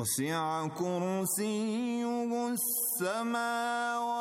وسع كرسيه السماوات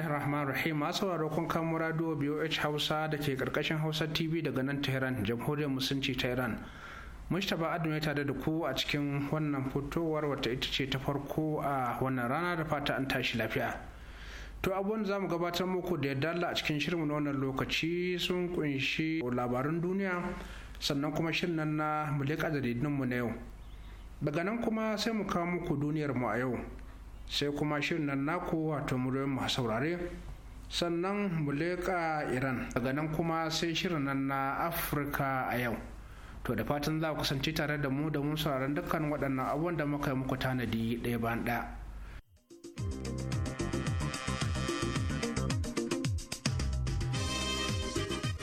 bismillahir rahmanir rahim masu sauraro kun kamo radio BOH Hausa da ke karkashin Hausa TV daga nan Tehran jamhuriyar musulunci ta Iran Mustapha Adamu ya tare da ku a cikin wannan fitowar wata ita ce ta farko a wannan rana da fata an tashi lafiya to abubuwan za mu gabatar muku da yadda a cikin shirin na wannan lokaci sun kunshi labarin duniya sannan kuma shirin nan na mulika na yau daga nan kuma sai mu kawo muku duniyar mu a yau sai kuma shirin nan naku wato muryoyin masu saurare sannan mu leƙa iran daga nan kuma sai shirin nan na afirka a yau to da fatan za ku kasance tare da mu da mun sauraron dukkan waɗannan abubuwan da muka yi muku tanadi ɗaya bayan ɗaya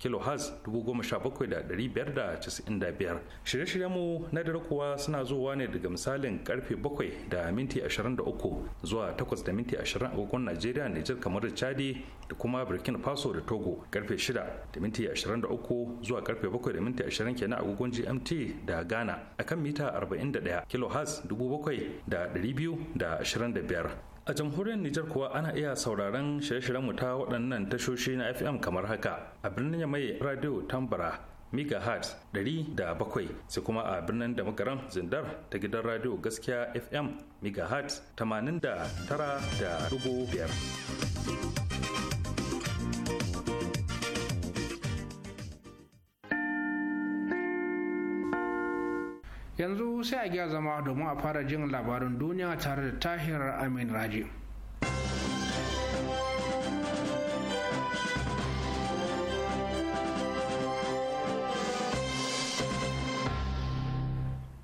kilohertz 17595 shirye-shiryen mu na dare kuwa suna zuwa ne daga misalin karfe bakwai da minti uku zuwa takwas da minti ashirin agogon najeriya nijar kamar da chadi da kuma burkina faso da togo karfe shida da minti uku zuwa karfe bakwai da minti ashirin kenan agogon gmt da ghana akan mita 41 kilohertz 7225 a jamhuriyar Nijar kuwa ana iya sauraron shirye-shiryen mu waɗannan tashoshi na FM kamar haka a birnin mai radio Tambara megahertz 107 sai kuma a birnin da magaran zindar ta gidan radio gaskiya fm megahertz 89.5 yanzu sai a gya zama domin a fara jin labarin duniya tare da tahir amin raji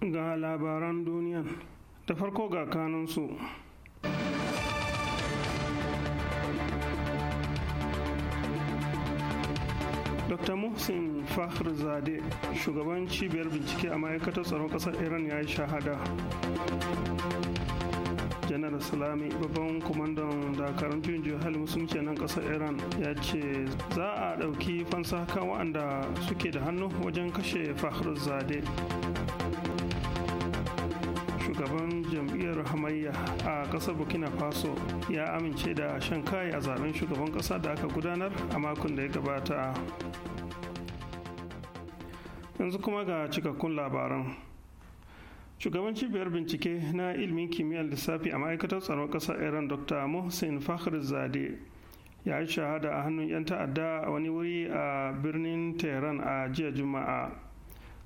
ga labaran duniya ta farko ga kanunsu dr muhsin fahr zade shugaban cibiyar bincike a ma'aikatar tsaron kasar iran ya yi shahada janar salami babban kwamandan dakarun juyin juyin musulunci nan kasar iran ya ce za a ɗauki fansa kan waɗanda suke da hannu wajen kashe fahr zade shugaban jam'iyyar hamayya a ƙasar burkina faso ya amince da shan kai a zaben shugaban ƙasa da aka gudanar a makon da ya gabata yanzu kuma ga cikakkun labaran shugaban cibiyar bincike na ilimin kimiyyar lissafi a ma'aikatar tsaron ƙasar iran dr mohsin zade ya yi shahada a hannun 'yan ta'adda a wani wuri a birnin tehran a jiya juma'a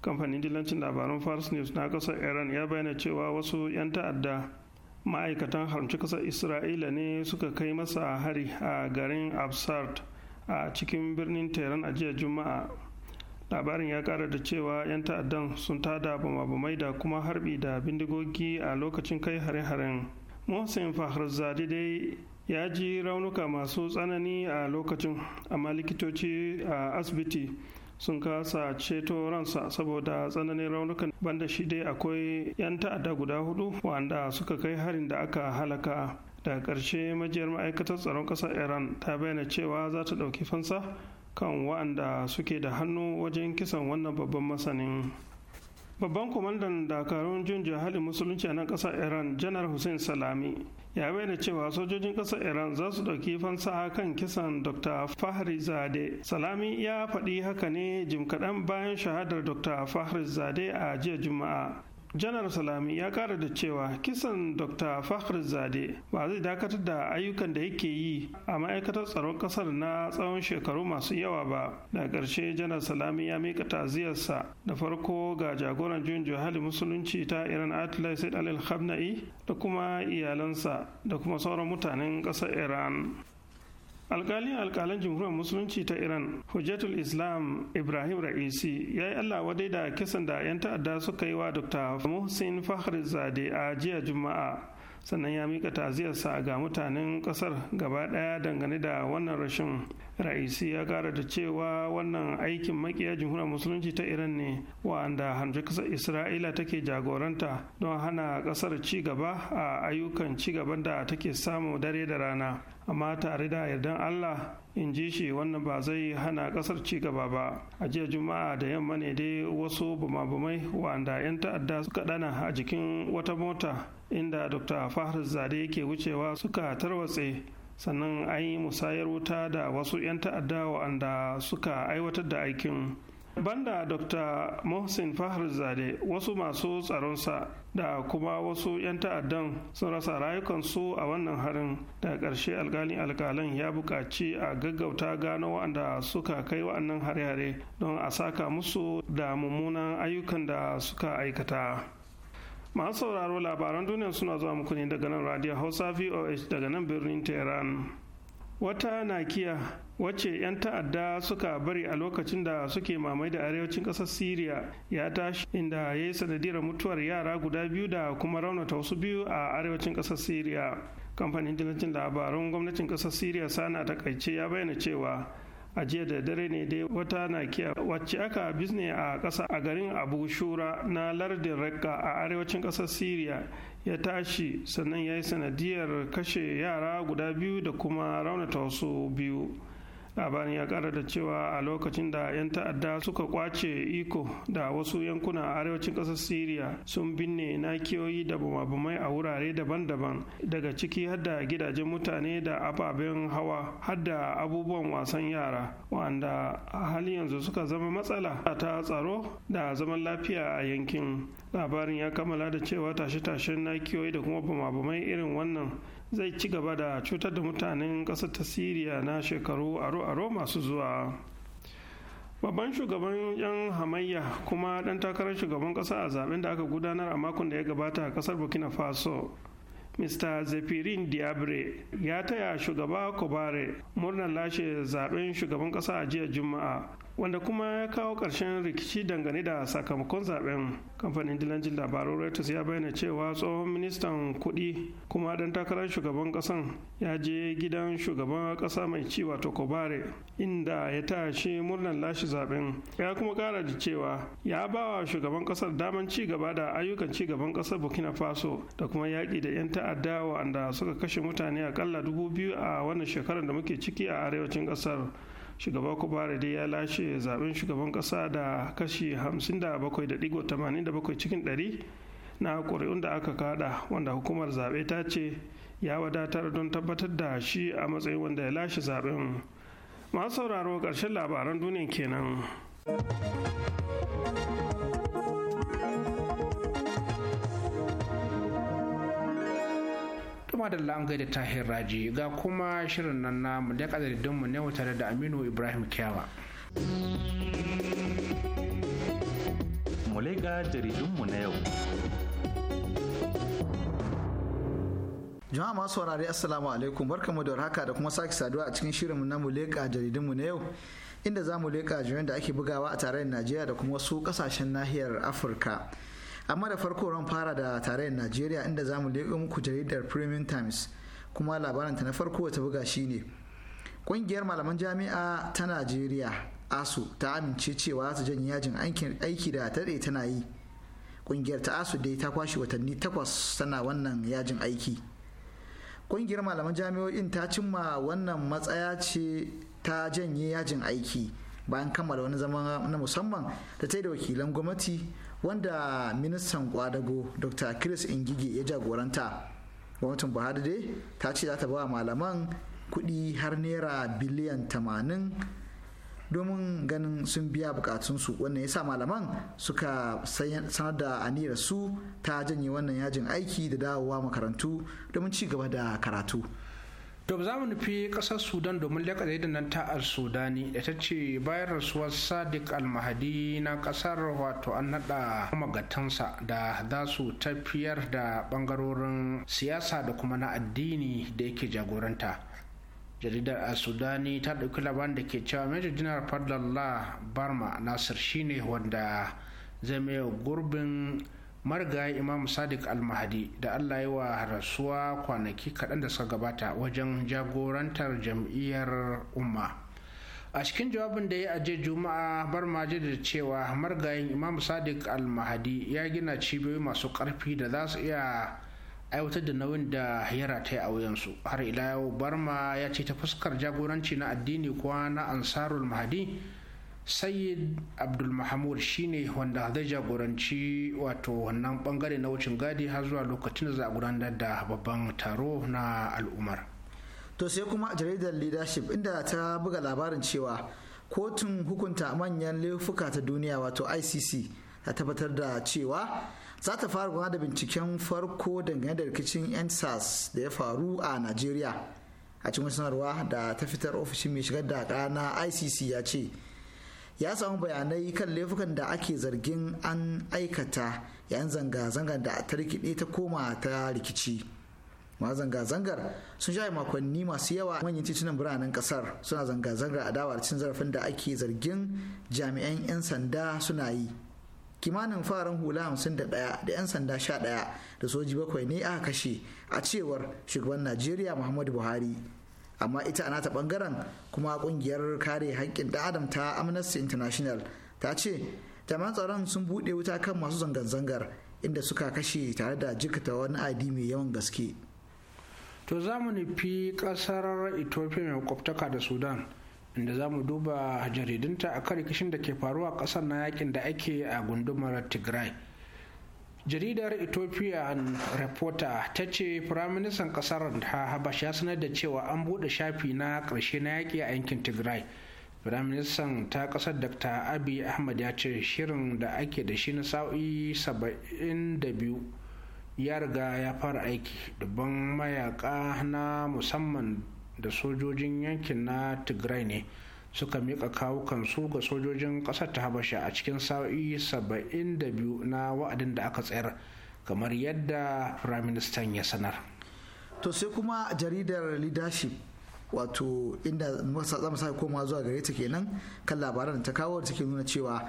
kamfanin dillancin labaran fars news na kasar iran ya bayyana cewa wasu 'yan ta'adda ma'aikatan haramci kasar isra'ila ne suka kai masa hari a garin absard a cikin birnin tehran a jiya juma'a labarin ya kara da cewa 'yan ta'addan sun tada bama da kuma harbi da bindigogi a lokacin kai hare-haren mohsen fahrazade dai ya ji raunuka masu tsanani a lokacin amma likitoci a asibiti sun kasa ceto ransa saboda tsananin raunukan banda shi dai akwai 'yan ta'adda guda hudu wanda suka kai harin da aka halaka daga ƙarshe majiyar ma'aikatar tsaron ƙasar iran ta bayyana cewa za ta ɗauki fansa kan wa'anda suke da hannu wajen kisan wannan babban masanin babban kwamandan dakarun jin jihalin musulunci a nan ƙasar iran janar hussein salami ya bayyana cewa sojojin ƙasar iran za su ɗauki fansaha kan kisan dr fahri zade salami ya faɗi haka ne jim kaɗan bayan shahadar dr fahri zade a jiya juma'a janar salami ya kara da cewa kisan dr fakhar zade ba zai dakatar da ayyukan da yake yi a ma'aikatar tsaron kasar na tsawon shekaru masu yawa ba da ƙarshe janar salami ya mika taziyarsa da farko ga jagoran juyin jihali musulunci ta iran atlai al da kuma iyalansa da kuma sauran mutanen ƙasar iran alkalin alkalan jamhuriyar musulunci ta iran hujjatul islam ibrahim ra'isi ya yi allah wadai da kisan da 'yan ta'adda suka yi wa dr muhsin fahrizade a jiya juma'a sannan ya mika ta'aziyarsa ga mutanen kasar gaba daya dangane da wannan rashin ra'isi ya kara da cewa wannan aikin makiya jamhuriyar musulunci ta iran ne wa'anda hamji kasar isra'ila take jagoranta don hana kasar ci gaba a ayyukan ci gaban da take samu dare da rana amma tare da yardan allah in ji shi wannan ba zai hana kasar ci gaba ba a jiya juma'a da yamma ne dai wasu bumabumai wa'anda 'yan ta'adda suka dana a jikin wata mota inda dr fahar zade ke wucewa suka tarwatse sannan an yi musayar wuta da wasu 'yan ta'adda wa'anda suka aiwatar da aikin banda dr mohsin fahar zade wasu masu tsaronsa da kuma wasu 'yan ta'addan sun rasa rayukansu a wannan harin da ƙarshe alkalin alkalan ya buƙaci a gaggauta gano waɗanda suka kai wa'annan hare-hare don a saka musu da mummunan ayyukan da suka aikata. masu sauraro labaran duniya suna zuwa muku ne daga nan radio hausa voh daga nan birnin tehran wata nakiya wacce 'yan ta'adda suka bari a lokacin da suke mamai da arewacin ƙasar syria ya tashi inda ya yi sanadiyar mutuwar yara guda biyu da kuma raunata wasu biyu a arewacin ƙasar syria kamfanin dillancin labaran gwamnatin ƙasar syria sana takaice ya bayyana cewa a jiya da dare ne dai wata na nakiya wacce aka bisne a ƙasa a garin abu shura na lardin rakka a arewacin ƙasar syria ya tashi sannan ya yi sanadiyar kashe yara guda biyu da kuma raunata wasu biyu labarin ya kara da cewa a lokacin da 'yan ta'adda suka kwace iko da wasu yankuna a arewacin ƙasar syria sun binne nakiyoyi da bumabumai a wurare daban-daban daga ciki har da gidajen mutane da ababen hawa har da abubuwan wasan yara wanda a hali yanzu suka zama matsala ta tsaro da zaman lafiya a yankin labarin ya kammala da cewa tashe-tashen nakiyoyi da kuma bumabumai irin wannan zai ci gaba da cutar da mutanen ƙasar ta siriya na shekaru aro-aro masu zuwa babban shugaban yan hamayya kuma ɗan takarar shugaban ƙasa a zaben da aka gudanar a makon da ya gabata a ƙasar burkina faso mr zefirin diabre ya taya shugaba kobare murnar lashe zaben shugaban ƙasa a jiya juma'a wanda kuma ya kawo ƙarshen rikici dangane da sakamakon zaben kamfanin dilancin labarun reuters ya bayyana cewa tsohon ministan kuɗi kuma ɗan takarar shugaban ƙasan ya je gidan shugaban ƙasa mai ci wato kobare inda ya tashi murnar lashe zaben ya kuma ƙara da cewa ya ba wa shugaban ƙasar daman ci gaba da ayyukan ci gaban ƙasar burkina faso da kuma yaƙi da 'yan ta'adda wanda suka kashe mutane akalla dubu biyu a wannan shekarar da muke ciki a arewacin ƙasar shugaba kubara dai ya lashe zaben shugaban kasa da kashi 57.87 cikin 100 na ƙuri'un da aka kada wanda hukumar zaɓe ta ce ya wadatar don tabbatar da shi a matsayin wanda ya lashe zaben masu sauraro ƙarshen labaran duniya kenan. Kuma da la'an da tahir raji ga kuma shirin nan na mu da mu ne tare da aminu ibrahim kyawa mulega jaridunmu na yau jama'a masu warare assalamu alaikum barkamu da haka da kuma sake saduwa a cikin shirinmu na muleka jaridunmu na yau inda za mu leka jiran da ake bugawa a tarayyar najeriya da kuma wasu kasashen nahiyar afirka amma da farko ran fara da tarayyar najeriya inda zamu leƙo muku jaridar premium times kuma labaranta na farko ta buga shine ƙungiyar malaman jami'a ta najeriya asu ta amince cewa za ta janye yajin aiki da ta tana yi ƙungiyar ta asu dai ta kwashe watanni takwas tana wannan yajin aiki ƙungiyar malaman jami'o'in ta cimma wannan matsaya ce ta janye yajin aiki bayan kammala wani zama na musamman da ta yi da wakilan gwamnati wanda ministan kwadago dr chris ingige ya jagoranta gwamnatin buhari dai ta ce za ta ba malaman kudi har naira biliyan tamanin domin ganin sun biya bukatunsu wannan sa malaman suka sanar da aniyar su ta janye wannan yajin aiki da dawowa makarantu domin ci gaba da karatu to ba za mu nufi ƙasar sudan domin leƙa da nan ta al sudani da ta ce bayan rasuwar sadiq al almahadi na kasar wato an naɗa magatansa da za su tafiyar da ɓangarorin siyasa da kuma na addini da yake jagoranta jaridar a sudani ta ɗauki labarin da ke cewa major general fadlallah barma nasir shine wanda zai mai gurbin marga imam sadiq almahadi da allah yi wa rasuwa kwanaki kaɗan da suka gabata wajen jagorantar jam'iyyar umma a cikin jawabin da ya aje juma'a bar da cewa margayin imam sadiq almahadi ya gina cibiyoyi masu ƙarfi da za su iya aiwatar da nauyin da ya rataya a wuyansu har ila yau barma ya ce ta fuskar jagoranci na addini kuwa na ansarul mahadi sayyid abdulmahamud shine wanda zai jagoranci wato wannan bangare na wucin gadi har zuwa lokacin da za a gudanar da babban taro na al'ummar to sai kuma jaridar leadership inda ta buga labarin cewa kotun hukunta manyan laifuka ta duniya wato icc ta tabbatar da cewa za ta fara gudanar da binciken farko dangane da rikicin ensas da ya faru a najeriya a cikin sanarwa da ta fitar ofishin mai shigar da na icc ya ce ya samu bayanai kan laifukan da ake zargin an aikata 'yan zanga-zangar da ta rikide ta koma ta rikici ma zanga-zangar sun shafe makonni masu yawa manyan titunan biranen kasar suna zanga-zangar a dawar cin zarafin da ake zargin jami'an 'yan sanda suna yi kimanin faran hula 51 da 'yan sanda 11 da soji bakwai ne aka kashe a cewar shugaban najeriya muhammadu buhari amma ita a nata bangaren kuma kungiyar kare haƙƙin da adam ta amnesty international ta ce jami'an tsaron sun buɗe wuta kan masu zanga zangar inda suka kashe tare da jikata wani adi mai yawan gaske to za mu nufi ƙasar ethiopia mai kwaftaka da sudan inda za mu duba jaridunta a kan rikishin da ke faruwa ƙasar na yakin da ake a gundumar tigray jaridar ethiopian reporter ta ce firaministan kasar ta habasha ya sanar da cewa an bude shafi na karshe na yaƙi a yankin tigray firaministan ta kasar dr abi ahmad ya ce shirin da ake da shi na sa'o'i 72 ya riga ya fara aiki dubban mayaka na musamman da sojojin yankin na tigray ne suka miƙa kawukan su ga sojojin ƙasar ta habasha a cikin sa'o'i biyu na wa'adin da aka tsayar kamar yadda firaministan ya sanar to sai kuma jaridar leadership wato inda za mu sake komawa zuwa gare ta kenan kan labaran ta kawo da take nuna cewa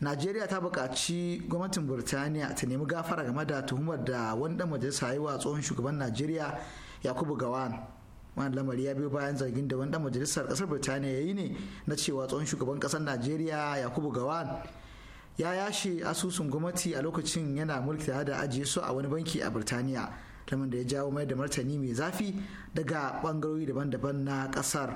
najeriya ta buƙaci gwamnatin burtaniya ta nemi gafara game da tuhumar da wani dan majalisa yi wa tsohon shugaban najeriya yakubu gawan wannan lamari ya biyo bayan zargin da wani dan majalisar kasar birtaniya ya yi ne na cewa tsohon shugaban kasar najeriya yakubu gawan ya yashe asusun gwamnati a lokacin yana mulki tare da ajiye su a wani banki a birtaniya lamin da ya jawo mai da martani mai zafi daga bangarori daban-daban na kasar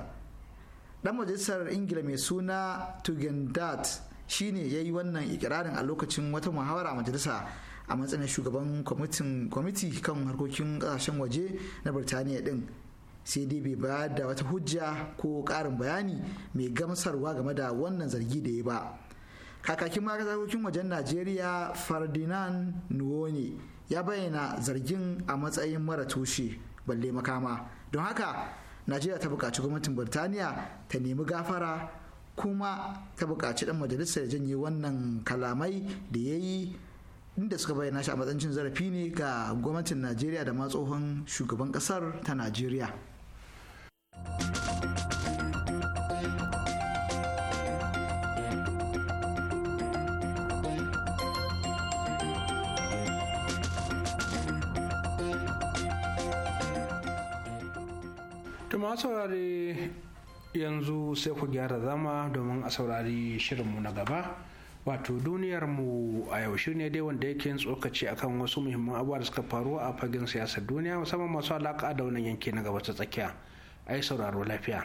dan majalisar ingila mai suna tugendat shine ya yi wannan ikirarin a lokacin wata muhawara a majalisa a matsayin shugaban kwamiti kan harkokin kasashen waje na birtaniya din sai dai bai bayar da wata hujja ko karin bayani mai gamsarwa game da wannan zargi da ya ba kakakin magazakokin wajen najeriya ferdinand nuone ya bayyana zargin a matsayin mara tushe balle makama don haka najeriya ta bukaci gwamnatin birtaniya ta nemi gafara kuma ta buƙaci ɗan majalisar janye wannan kalamai da ya yi inda suka bayyana shi a matsayin zarafi ne ga gwamnatin najeriya da ma tsohon shugaban ƙasar ta najeriya Tuma saurari yanzu sai ku gyara zama domin a saurari shirinmu na gaba. Wato duniyarmu a yau ne dai wanda yake tsokaci akan wasu muhimman abubuwa da suka faru a fagen siyasar duniya musamman masu alaƙa da wannan yanki na gaba ta tsakiya. ai sauraro lafiya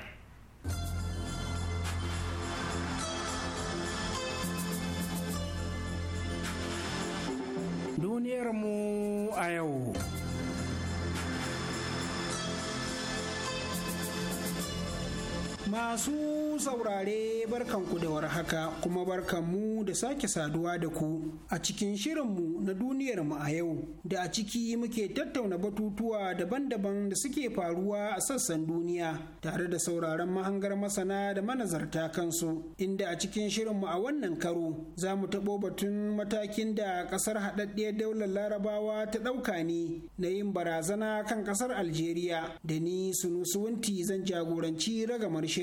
duniyarmu a yau Masu saurare barkanku da warhaka kuma barkanmu da sake saduwa da ku a cikin shirinmu na duniyar mu a yau da a ciki muke tattauna batutuwa daban-daban da suke faruwa a sassan duniya tare da sauraron mahangar masana da manazarta kansu inda a cikin shirinmu a wannan karo za mu taɓo batun matakin da ƙasar haɗaɗɗiyar daular larabawa ta ɗauka ne na yin barazana kan ƙasar aljeriya da ni sunusuwunti zan jagoranci ragamar shirin.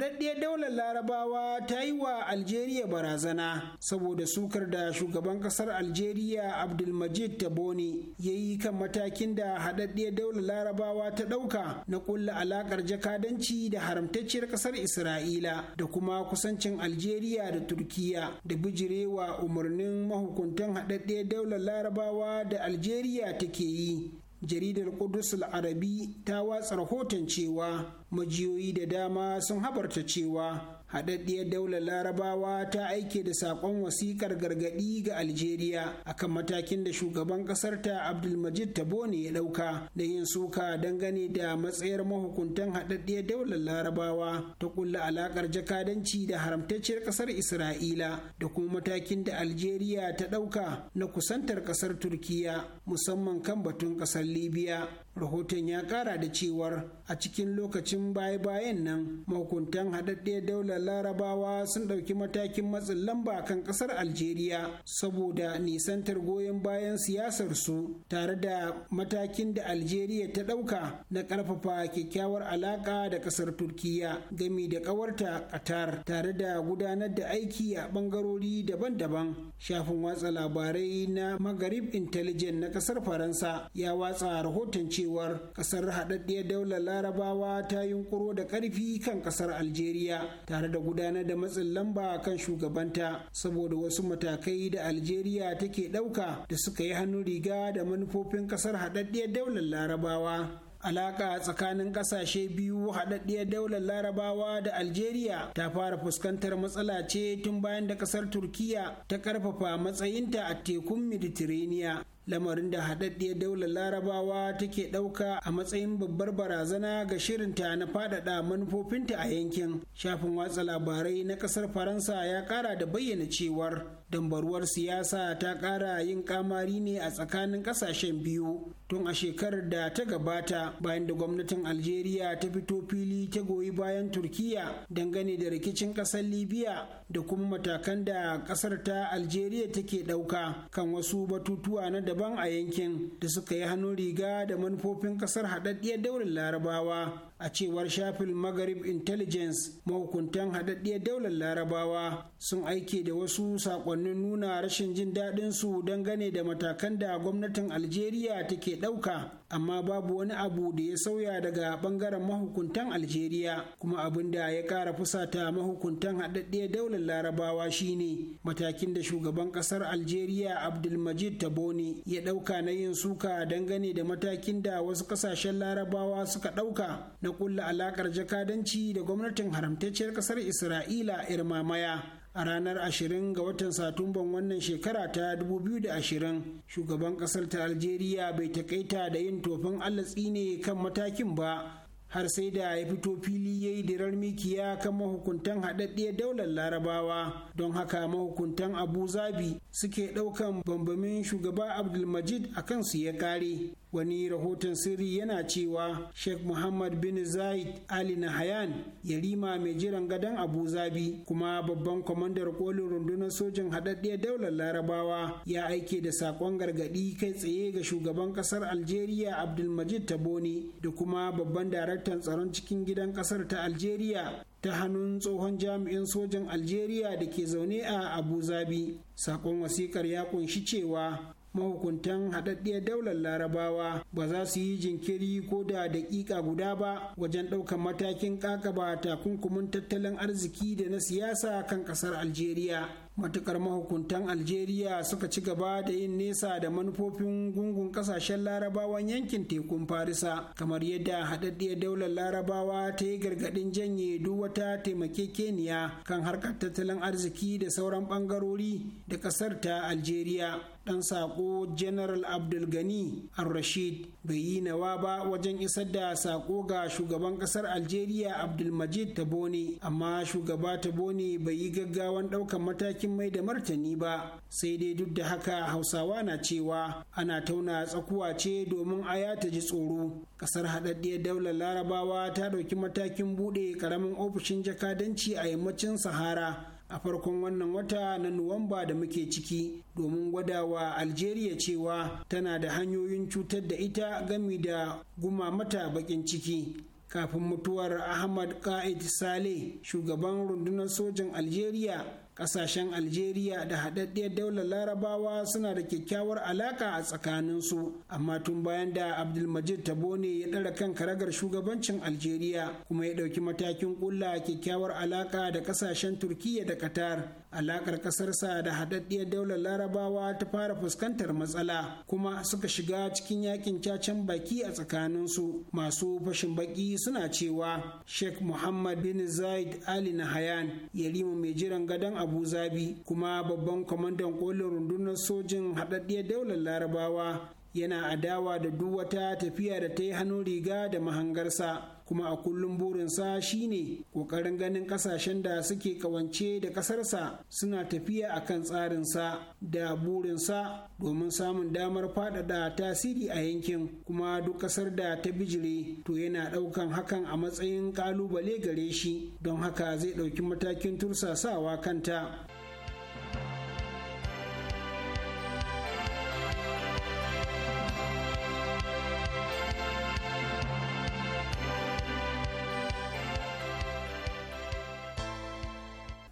haɗaɗɗiyar daular larabawa ta yi wa algeria barazana saboda sukar da shugaban ƙasar algeria abdulmajid taboni ya yi kan matakin da haɗaɗɗiyar daular larabawa ta ɗauka na ƙulla alaƙar jakadanci da haramtacciyar ƙasar isra'ila da kuma kusancin algeria da turkiya da bijirewa umarnin mahukuntan haɗaɗɗiyar daular larabawa da algeria take yi jaridar Qudus arabi ta watsa rahoton cewa majiyoyi da dama sun habarta cewa haɗaɗɗiyar daular larabawa ta aike da saƙon wasiƙar gargaɗi ga algeria akan matakin da shugaban ƙasar ta abdulmajid tabone ya ɗauka da yin suka dangane da matsayar mahukuntan haɗaɗɗiyar daular larabawa ta kulla alaƙar jakadanci da haramtacciyar ƙasar isra'ila da kuma matakin da algeria ta ɗauka na kusantar ƙasar turkiya musamman kan batun ƙasar libya rahoton ya ƙara da cewar a cikin lokacin baya-bayan nan mahukuntan haɗaɗɗe daular larabawa sun ɗauki matakin matsin lamba kan ƙasar algeria saboda nisantar goyon bayan siyasar su tare da matakin da algeria ta ɗauka na ƙarfafa kyakkyawar alaƙa da ƙasar turkiya gami da ƙawarta qatar tare da gudanar da aiki a ɓangarori daban-daban shafin watsa labarai na magharib intelligence na ƙasar faransa ya watsa rahoton cewar ƙasar haɗaɗɗiyar daular larabawa ta yunkuro da karfi kan kasar algeria tare da gudanar da matsin lamba kan shugabanta saboda wasu matakai da algeria take ɗauka da suka yi hannun riga da manufofin kasar haɗaɗɗiyar daular larabawa alaka tsakanin kasashe biyu haɗaɗɗiyar daular larabawa da algeria ta fara fuskantar matsala ce tun bayan da ƙasar turkiya ta ƙarfafa matsayinta a tekun mediterranean lamarin da haɗaɗɗiyar daular larabawa take ɗauka a matsayin babbar barazana ga shirinta na faɗaɗa manufofinta a yankin shafin watsa labarai na ƙasar faransa ya ƙara da bayyana cewar dambaruwar siyasa ta ƙara yin ƙamari ne a tsakanin ƙasashen biyu tun a shekarar da ta gabata bayan da gwamnatin algeria ta fito fili ta goyi bayan turkiya dangane da rikicin ƙasar libya da kuma matakan da ƙasar ta algeria take ɗauka kan wasu batutuwa na daban daban a yankin da suka yi hannun riga da manufofin kasar haɗaɗɗiyar daular larabawa a cewar shafin maghrib intelligence mahukuntan haɗaɗɗiyar daular larabawa sun aike da wasu saƙonnin nuna rashin jin daɗin su dangane da matakan da gwamnatin algeria take ɗauka amma babu wani abu da ya sauya daga ɓangaren mahukuntan algeria kuma abin da ya ƙara fusata mahukuntan haɗaɗɗiyar daular larabawa shine matakin da shugaban ƙasar algeria abdulmajid tabone ya ɗauka na yin suka dangane da matakin da wasu ƙasashen larabawa suka ɗauka na kulla alakar jakadanci da gwamnatin haramtacciyar kasar isra'ila irmamaya a ranar 20 ga watan satumban wannan shekara ta 2020 shugaban kasar ta algeria bai takaita da yin tofin allatsi ne kan matakin ba har sai da ya fito fili ya yi dirar mikiya kan mahukuntan haɗaɗɗiyar daular larabawa don haka mahukuntan abu zabi suke ɗaukan bambamin shugaba abdulmajid a kansu ya kare. wani rahoton sirri yana cewa sheikh muhammad bin zaid ali na Hayan yarima mai jiran gadon abu zabi kuma babban kwamandar kolin rundunar sojin haɗaɗɗiyar daular larabawa ya aike da saƙon gargaɗi kai tsaye ga shugaban ƙasar algeria abdulmajid taboni da kuma babban daraktan tsaron cikin gidan ƙasar ta algeria ta hannun tsohon jami'in sojan algeria da ke zaune a abu zabi sakon wasikar ya ƙunshi cewa mahukuntan haɗaɗɗiyar daular larabawa ba za su yi jinkiri ko da daƙiƙa guda ba wajen ɗaukar matakin ƙaƙaba takunkumin tattalin arziki da na siyasa kan ƙasar algeria matukar mahukuntan algeria suka ci gaba da yin nesa da manufofin gungun ƙasashen larabawan yankin tekun farisa kamar yadda haɗaɗɗiyar daular larabawa ta yi gargaɗin janye duk wata taimakekeniya kan harkar tattalin arziki da sauran ɓangarori da ƙasar ta algeria ɗan saƙo general abdul gani al-rashid bai yi nawa ba wajen isar da saƙo ga shugaban ƙasar algeria abdulmajid tabone amma shugaba taboni bai yi gaggawan ɗaukan matakin mai da martani ba sai dai duk da haka hausawa na cewa ana tauna tsakuwa ce domin ya ta ji tsoro ƙasar haɗaɗɗiyar daular larabawa ta ɗauki matakin buɗe ƙaramin ofishin jakadanci a yammacin sahara a farkon wannan wata na Nuwamba da muke ciki domin gwadawa Algeria cewa tana da hanyoyin cutar da ita gami da guma mata bakin ciki. Kafin mutuwar Ahmad Ka'id Saleh, shugaban rundunar sojan Algeria kasashen algeria da haɗaɗɗiyar daular larabawa suna da kyakkyawar alaka a tsakaninsu amma tun bayan da abdulmajid tabone ya ɗara kan karagar shugabancin algeria kuma ya ɗauki matakin ƙulla kyakkyawar alaka da ƙasashen Turkiyya da qatar alakar ƙasarsa da haɗaɗɗiyar daular larabawa ta fara fuskantar matsala kuma suka shiga cikin yakin cacen baki a tsakaninsu masu fashin baki suna cewa sheikh muhammad bin zaid ali nahayan yarima mai jiran gadon abu zabi kuma babban kwamandan kolin rundunar sojin haɗaɗɗiyar daular larabawa yana adawa da duk wata tafiya da ta yi hannun riga da mahangarsa kuma a kullum burinsa shine kokarin ganin kasashen da suke kawance da kasarsa suna tafiya a kan tsarinsa da burinsa domin samun damar faɗaɗa tasiri a yankin kuma duk ƙasar da ta bijire to yana ɗaukan hakan a matsayin ƙalubale gare shi don haka zai ɗauki matakin tursasawa kanta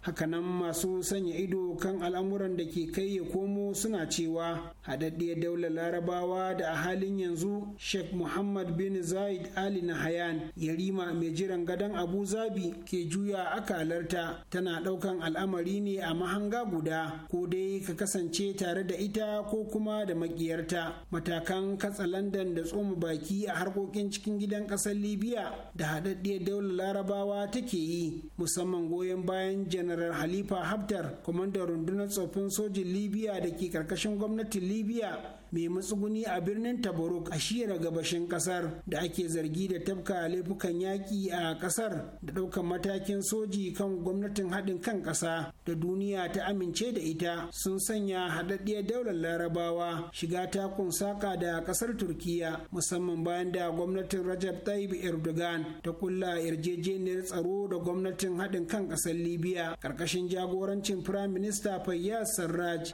hakanan masu sanya ido kan al'amuran da ke kai ya komo suna cewa haɗaɗɗiyar daular larabawa da a halin yanzu sheikh muhammad bin zaid ali na nahayan yarima mai jiran gadon abu zabi ke juya akalarta tana ɗaukan al'amari ne a mahanga guda ko dai ka kasance tare da ita ko kuma da makiyarta matakan katsa katsalandan da tsoma baki a harkokin cikin gidan ƙasar libya da haɗaɗɗiyar daular larabawa take yi musamman goyon bayan janar janar halifa haftar kwamandan rundunar tsoffin sojin libya da ke karkashin gwamnatin libya mai matsuguni a birnin tabaruk a shiyar gabashin kasar da ake zargi da tafka laifukan yaƙi a kasar da ɗaukan matakin soji kan gwamnatin haɗin kan ƙasa da duniya ta amince da ita sun sanya haɗaɗɗiyar daular larabawa shiga takun saka da ƙasar turkiya musamman bayan da gwamnatin rajab tayyip erdogan ta kulla yarjejeniyar tsaro da gwamnatin haɗin kan ƙasar libya ƙarƙashin jagorancin firaminista fayyaz sarraj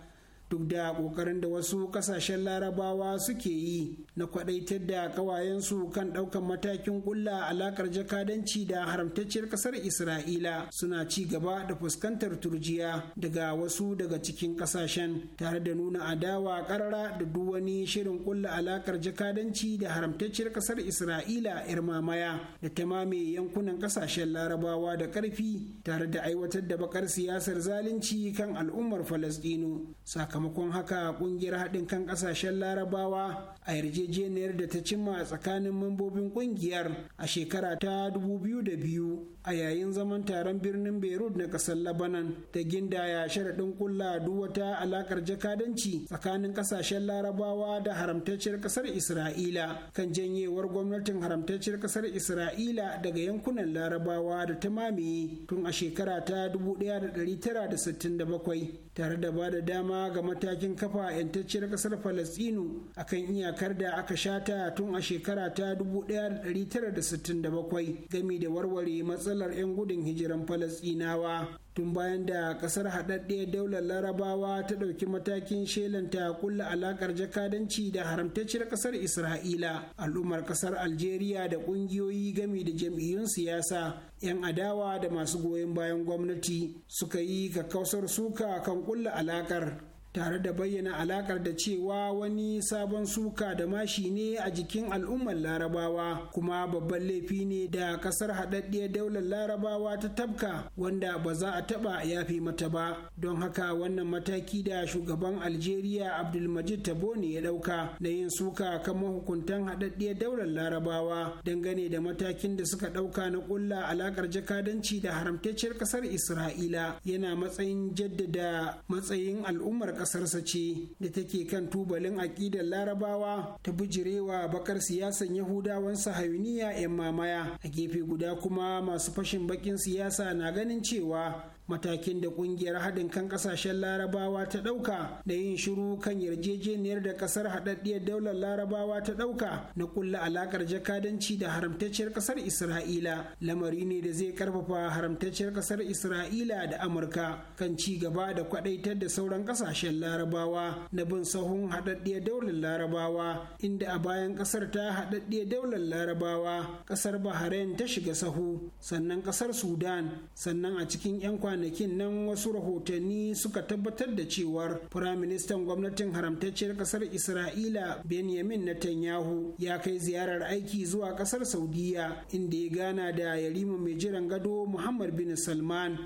duk da kokarin da wasu kasashen larabawa suke yi na kwadaitar da ƙawayensu kan ɗaukar matakin ƙulla alaƙar jakadanci da haramtacciyar ƙasar isra'ila suna ci gaba da fuskantar turjiya daga wasu daga cikin ƙasashen tare da nuna adawa ƙarara da duk wani shirin ƙulla alaƙar jakadanci da haramtacciyar ƙasar isra'ila yar mamaya da ta mame yankunan ƙasashen larabawa da ƙarfi tare da aiwatar da bakar siyasar zalunci kan al'ummar falasɗinu sakamakon haka kungiyar haɗin kan ƙasashen larabawa a yarjejeniyar da ta cimma a tsakanin mambobin kungiyar a shekara ta 2002 a yayin zaman taron birnin beirut na kasar labanan da gindaya sharaɗin kulla wata alakar jakadanci tsakanin kasashen larabawa da haramtacciyar kasar isra'ila kan janyewar gwamnatin haramtacciyar kasar isra'ila daga yankunan larabawa da ta mamaye tun a shekara ta 1967 tare da ba da dama ga matakin kafa 'yantacciyar kasar falastinu akan iyaka iyakar da aka shata tun a shekara ta 1967 gami da warware matsalar 'yan gudun hijiran falasɗinawa tun bayan da kasar haɗaɗɗiyar daular larabawa ta ɗauki matakin shelanta kulla alaƙar jakadanci da haramtacciyar ƙasar isra'ila al'ummar ƙasar algeria da ƙungiyoyi gami da jam'iyyun siyasa 'yan adawa da masu goyon bayan gwamnati suka yi kakkausar suka kan kulla alaƙar tare da bayyana alakar da cewa wani sabon suka da mashi ne a jikin al'ummar larabawa kuma babban laifi ne da kasar haɗaɗɗiyar daular larabawa ta tabka wanda ba za a taɓa yafe mata ba don haka wannan mataki da shugaban algeria abdulmajid tabone ya ɗauka na yin suka kan mahukuntan haɗaɗɗiyar daular larabawa dangane da matakin da suka ɗauka na ƙulla alakar jakadanci da haramtacciyar ƙasar isra'ila yana matsayin jaddada matsayin al'ummar ƙasarsa ce da take kan tubalin aƙidar larabawa ta bijirewa bakar siyasan yahudawan sahayuniya 'yan mamaya a gefe guda kuma masu fashin bakin siyasa na ganin cewa matakin da kungiyar haɗin kan ƙasashen larabawa ta ɗauka da yin shiru kan yarjejeniyar da ƙasar haɗaɗɗiyar daular larabawa ta ɗauka na ƙulla alaƙar jakadanci da haramtacciyar ƙasar isra'ila lamari ne da zai ƙarfafa haramtacciyar ƙasar isra'ila da amurka kan ci gaba da kwaɗaitar da sauran ƙasashen larabawa na bin sahun haɗaɗɗiyar daular larabawa inda a bayan ƙasar ta haɗaɗɗiyar daular larabawa ƙasar bahrain ta shiga sahu sannan ƙasar sudan sannan a cikin 'yan kwanakin nan wasu rahotanni suka tabbatar da cewar firaministan gwamnatin haramtacciyar kasar isra'ila benjamin netanyahu ya kai ziyarar aiki zuwa kasar saudiya inda ya gana da yarima mai jiran gado muhammad bin salman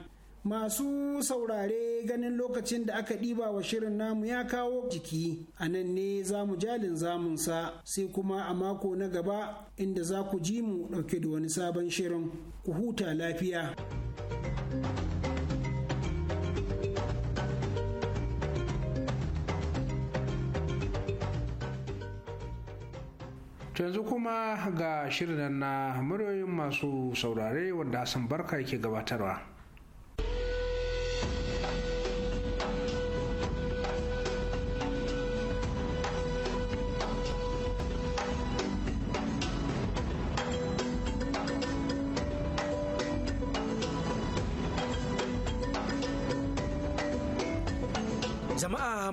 masu saurare ganin lokacin da aka ɗiba wa shirin namu ya kawo jiki a nan ne za mu jalin zamunsa sai kuma a mako na gaba inda za ku ji mu ɗauke da wani sabon shirin ku huta lafiya. To yanzu kuma ga shirin na muryoyin masu saurare wanda Hassan Barka yake gabatarwa.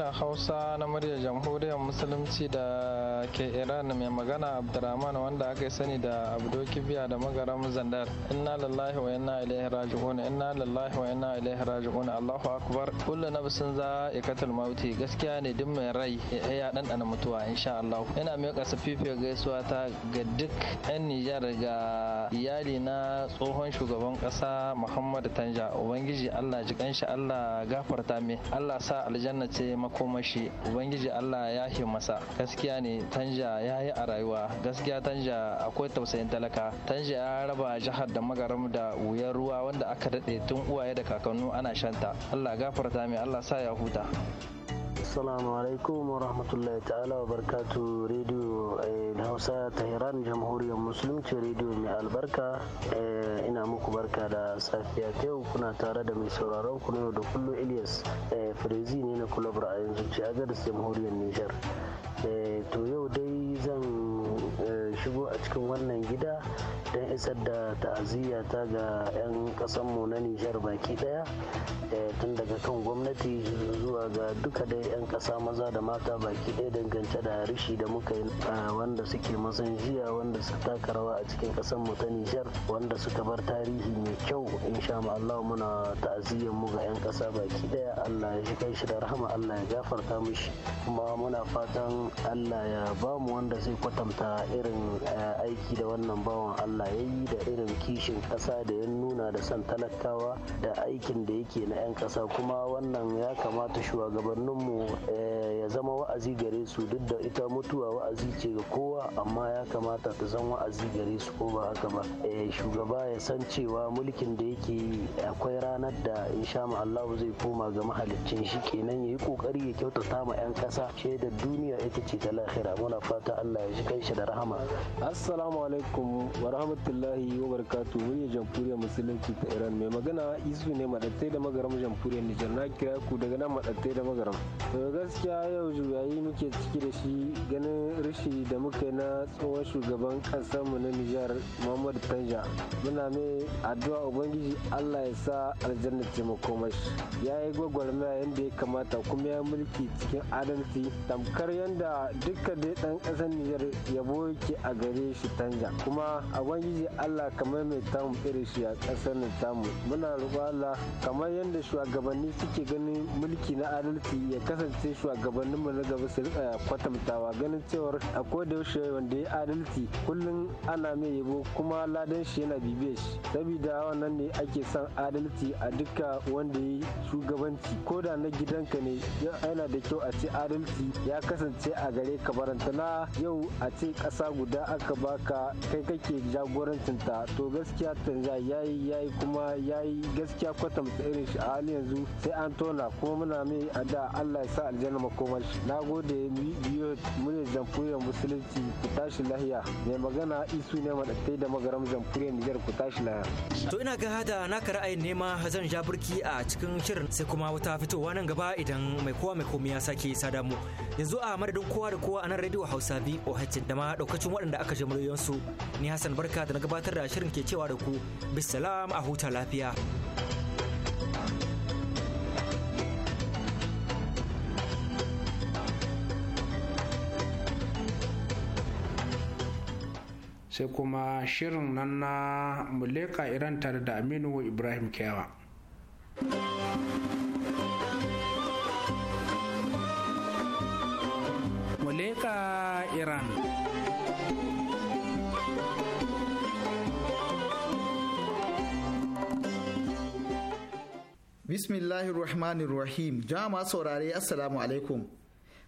sashen hausa na murya jamhuriyar musulunci da ke iran mai magana abdurrahman wanda aka sani da abdo kibiya da magaram zandar inna lallahi wa inna ilaihi raji'un inna lallahi wa inna ilaihi raji'un allahu akbar kullu nafsin za'ikatul mauti gaskiya ne duk mai rai ya dan dan mutuwa insha Allah ina mai kasa fifiyar gaisuwa ta ga duk yan Nijar ga iyali na tsohon shugaban kasa Muhammad Tanja ubangiji Allah ji kanshi Allah gafarta mai Allah sa aljanna ce makomashi ubangiji allah ya shi masa gaskiya ne tanja ya yi a rayuwa gaskiya tanja akwai tausayin talaka tanja ya raba jihar da magaram da wuyar ruwa wanda aka daɗe tun uwaye da kakannu ana shanta allah gafarta mai allah sa ya huta assalamu alaikum wa rahmatullahi ta'ala wa barkatu rediyo eh, hausa ta iran jamhuriyar musulunci rediyo mai albarka eh, ina muku barka da safiya ta yau kuna tare da mai sauraron ku yau da kullum ilyas eh, firizi ne na kulabar a yanzu ci a jamhuriyar nijar to yau dai zan shigo a cikin wannan gida don isar da ta'aziyya ta ga 'yan mu na nijar baki ɗaya eh, tun daga kan gwamnati zuwa ga duka dai 'yan kasa maza da mata baki ɗaya dangance da rishi da muka yi wanda suke mazan jiya wanda su taka rawa a cikin ƙasanmu ta nijar wanda suka bar tarihi mai kyau insha Allah muna ta'aziyyar mu ga 'yan ƙasa baki ɗaya Allah ya shiga shi da rahama Allah ya gafarta mishi kuma muna fatan Allah ya bamu wanda zai kwatanta irin aiki da wannan bawan Allah ya yi da irin kishin kasa da ya nuna da san talakawa da aikin da yake na 'yan ƙasa kuma wannan ya kamata shugabanninmu eh, ya zama wa'azi gare su duk da ita mutuwa wa'azi ce ga kowa amma ya kamata ta zama wa'azi gare su ko ba haka ba eh, shugaba ya san cewa mulkin da yake yi akwai ranar da in insha Allahu zai koma ga mahaliccin shi kenan ya yi kokari ya kyautata ma 'yan ƙasa shaidar duniya ita ce ta lahira muna fata Allah ya shi kai shi da rahama assalamu alaikum wa rahmatullahi wa barakatu murya jamhuriyar musulunci ta iran mai magana isu ne madattai da magaram jamhuriyar nijar na kira ku daga nan madattai da magaram to gaskiya yau juyayi muke ciki da shi ganin rishi da muka yi na tsohon shugaban kasar mu na nijar muhammad tanja muna mai addu'a ubangiji allah ya sa aljanna ce makomashi ya yi gwagwarmaya yadda ya kamata kuma ya mulki cikin adalci tamkar yadda dukkan dai dan kasar nijar yabo yake a gare shi tanja kuma a gwangiji allah kamar mai tamu irin shi a ƙasar nan tamu muna roƙon allah kamar yadda shugabanni suke ganin mulki na adalci ya kasance shugabannin mu na gaba su rika kwatantawa ganin cewar a koda yaushe wanda ya adalci kullum ana mai yabo kuma ladan shi yana bibiye shi saboda wannan ne ake son adalci a duka wanda ya shugabanci koda na gidanka ne yana da kyau a ce adalci ya kasance a gare ka na yau a ce ƙasa guda da aka baka kai kake jagorancin ta to gaskiya tanja yayi yayi kuma yayi gaskiya kwatanta irin shi a halin yanzu sai an tona kuma muna mai ada Allah ya sa aljanna makomar shi nagode biyo mune jamhuriyar musulunci ku tashi lahiya mai magana isu ne dattai da magaram jamhuriyar Niger ku tashi lahiya to ina ga hada naka ra'ayin nema zan ja burki a cikin shirin sai kuma wata fitowa nan gaba idan mai kowa mai komai ya sake sada mu yanzu a madadin kowa da kowa a nan radio Hausa bi OH da ma daukacin waɗanda aka ji muryoyinsu ni Hassan Barka da na gabatar da shirin ke cewa da ku bisalam a huta lafiya. sai kuma shirin nan na muleka iran tare da aminu ibrahim kewa muleka iran bismillahirrahmanirrahim Rahmanir masu saurare Assalamu alaikum.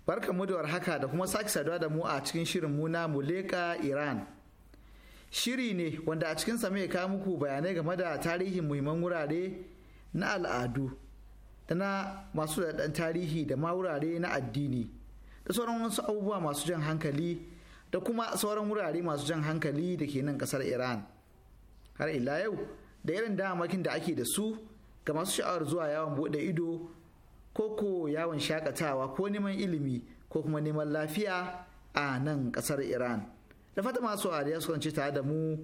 Barka da haka da kuma sake saduwa da mu a cikin shirin mu na Muleka Iran. Shiri ne wanda a cikin mai kawo muku bayanai game da tarihin muhimman wurare na al'adu da na masu daɗan tarihi da ma wurare na addini da sauran wasu abubuwa masu jan hankali da kuma sauran wurare masu jan hankali da ke nan ƙasar Iran. Har ila yau da irin damakin da ake da su ga masu sha'awar zuwa yawon bude ido ko ko yawon shakatawa ko neman ilimi ko kuma neman lafiya a nan kasar iran da fata masu ariya su kwanci tare da mu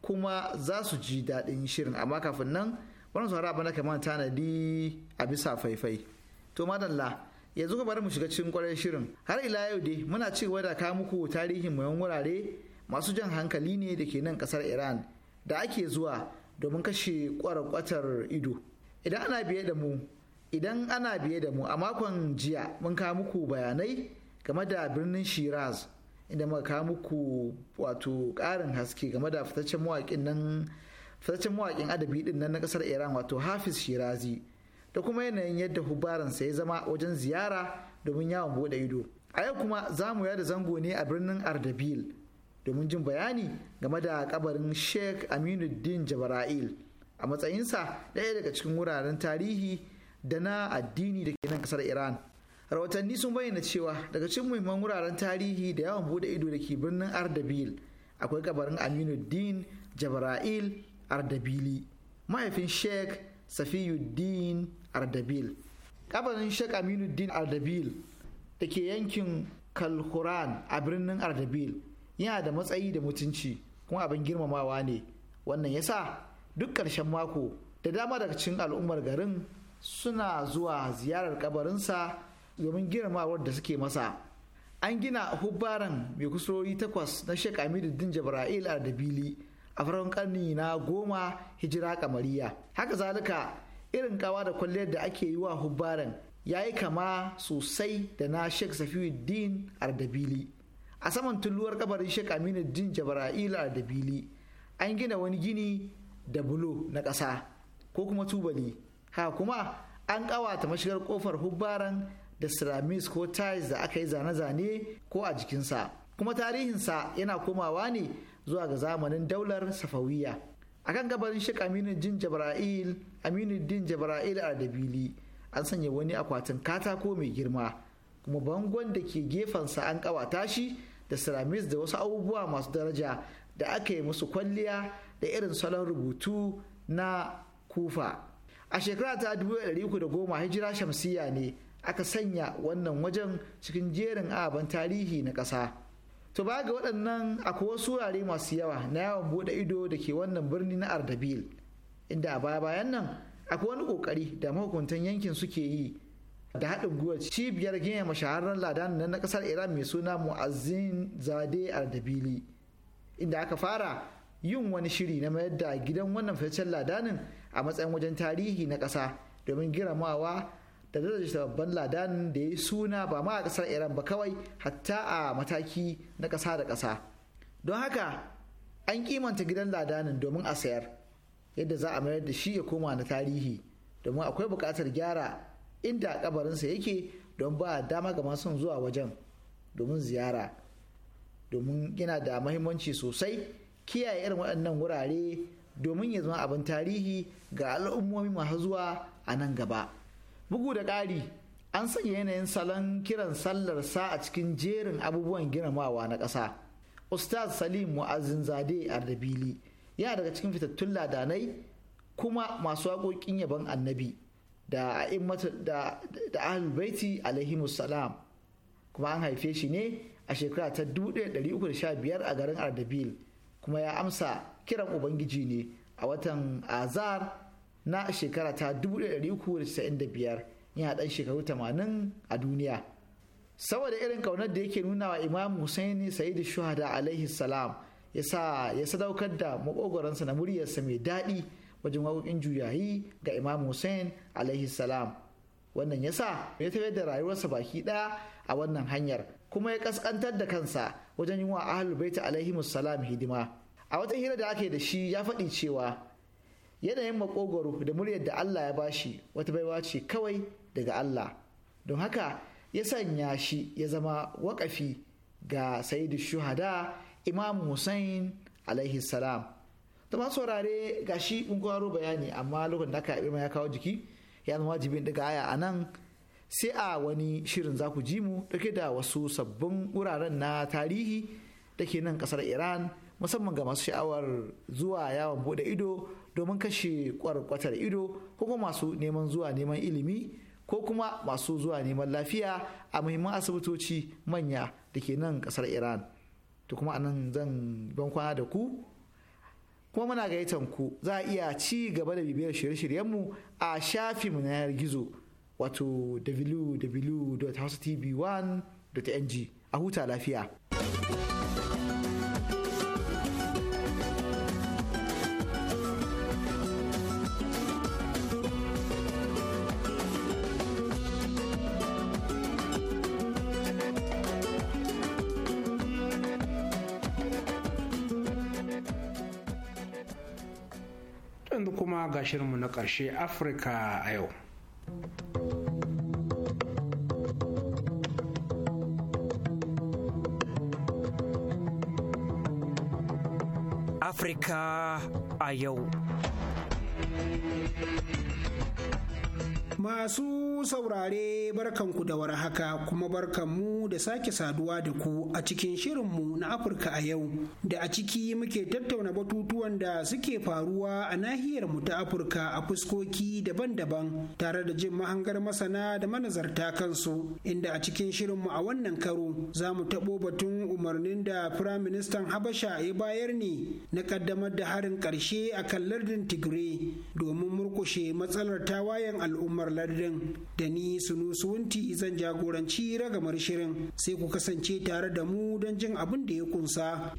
kuma za su ji daɗin shirin amma kafin nan wani haraba bana kamar tanadi a bisa faifai to madalla yanzu ka bari mu shiga cikin kwarai shirin har ila yau dai muna ci gaba da kawo muku tarihin mayan wurare masu jan hankali ne da ke nan kasar iran da ake zuwa domin kashe kwarar kwatar ido idan ana biye da mu idan ana biye da mu a makon jiya mun kawo muku bayanai game da birnin shiraz inda muka kawo muku wato karin haske game da fitaccen mawaƙin nan fitaccen mawaƙin adabi din nan na ƙasar iran wato hafiz shirazi da kuma yanayin yadda hubaransa ya zama wajen ziyara domin yawon bude ido a yau kuma za mu yada zango ne a birnin ardabil domin jin bayani game da kabarin sheikh aminuddin jabra'il a matsayinsa ɗaya daga cikin wuraren tarihi da na addini da ke nan ƙasar iran rahotanni sun bayyana cewa daga cikin muhimman wuraren tarihi da yawan bude ido da ke birnin ardabil akwai kabarin aminuddin jabra'il ardabili mahaifin sheikh safiyuddin ardabil kabarin sheikh aminuddin ardabil da ke yankin kalhuran a birnin ardabil yana da matsayi da mutunci kuma abin girmamawa ne wannan yasa duk ƙarshen mako da dama daga cikin al'ummar garin suna zuwa ziyarar kabarinsa domin girmamawar da suke masa an gina hubbaran mai kusurori takwas na shek amiruddin jibra'il a dabili a farkon karni na goma hijira kamariya haka zalika irin kawa da kwalliyar da ake yi wa hubbaran ya yi kama sosai da na shek safiuddin dabili a saman tulluwar kabarin shek aminuddin jibra'il dabili an gina wani gini da bulo na ƙasa ko kuma tubali ha kuma an ƙawata mashigar ƙofar hubbaran da ceramics ko tiles da aka yi zane-zane ko a jikinsa kuma tarihinsa yana komawa ne zuwa ga zamanin daular safawiya a akan gabarin shek aminuddin jabra'il aminuddin jabra'il ardabili an sanya wani akwatin katako mai girma kuma bangon da ke gefensa an ƙawata shi da ceramics da wasu abubuwa masu daraja da aka yi musu kwalliya da irin salon rubutu na kufa a shekara ta 1310 hijira shamsiya ne aka sanya wannan wajen cikin jerin ababen tarihi na ƙasa to ba ga waɗannan akwai wasu wurare masu yawa na yawon buɗe ido da ke wannan birni na ardabil inda a baya bayan nan akwai wani ƙoƙari da mahukuntan yankin suke yi da haɗin gwiwar cibiyar gina mashaharar ladan na ƙasar iran mai suna mu'azzin zade ardabili inda aka fara yin wani shiri na mayar da gidan wannan fitaccen ladanin a matsayin wajen tarihi na ƙasa domin giramawa da daraja babban ladanin da ya suna ba ma a ƙasar iran ba kawai hatta a mataki na ƙasa da ƙasa don haka an kimanta gidan ladanin domin a sayar yadda za a mayar da shi ya koma na tarihi domin akwai buƙatar gyara inda kabarinsa yake don ba dama ga masu zuwa wajen domin ziyara domin yana da mahimmanci sosai kiyaye irin waɗannan wurare domin ya zama abin tarihi ga al'ummomi masu zuwa a nan gaba bugu da ƙari an sanya yanayin salon kiran sallar sa a cikin jerin abubuwan girmamawa na ƙasa ustaz salim mu'azzin zade ardabili yana daga cikin fitattun ladanai kuma masu waƙoƙin yabon annabi da da ahlul baiti alaihi salam kuma an haife shi ne a shekara ta 1315 a garin ardabil kuma ya amsa kiran ubangiji ne a watan azar na shekara ta 1395 yana dan shekaru 80 a duniya saboda irin kaunar da yake nuna wa imam Hussein Saidu Shuhada alaihi salam yasa ya sadaukar da makogoransa na muryarsa mai daɗi wajen waƙoƙin juyayi ga imam Hussein alaihi salam wannan yasa ya tafiyar da rayuwarsa baki ɗaya a wannan hanyar kuma ya kaskantar da kansa wajen yi wa ahlul baiti alaihi salam hidima a wata hira da ake da shi ya faɗi cewa yanayin makogwaro da muryar da Allah ya bashi wata baiwa ce kawai daga Allah don haka ya sanya shi ya zama wakafi ga sayyidu shuhada imam Hussein alaihi salam da ma saurare ga shi kun bayani amma lokacin da aka ya kawo jiki ya zama wajibin daga aya a nan sai a wani shirin za ku ji mu dauke da wasu sabbin wuraren na tarihi da ke nan kasar iran musamman ga masu sha'awar zuwa yawon bude ido domin kashe kwarkwatar ido ko kuma masu neman zuwa neman ilimi ko kuma masu zuwa neman lafiya a muhimman asibitoci manya da ke nan kasar iran to kuma anan zan ban kwana da ku kuma muna gayyatar ku za a iya ci gaba da bibiyar shirye-shiryenmu a shafinmu na yanar gizo wato www.hausatv1.ng a huta lafiya. yanzu kuma ga shirinmu na ƙarshe afirka a yau Afirka a yau. Masu Ku saurare barkanku da warhaka kuma barkanmu da sake saduwa da ku a cikin shirinmu na Afirka a yau da a ciki muke tattauna batutuwan da suke faruwa a nahiyar mu ta Afirka a fuskoki daban-daban tare da jin mahangar masana da manazarta kansu inda a cikin shirinmu a wannan karo za mu taɓo batun umarnin da Firaministan Habasha ya bayar ne na ƙaddamar da harin ƙarshe a kan lardin Tigray domin murkushe matsalar tawayen al'ummar lardin da ni sunu wunti zan jagoranci ragamar shirin sai ku kasance tare da mu don jin abin da ya kunsa.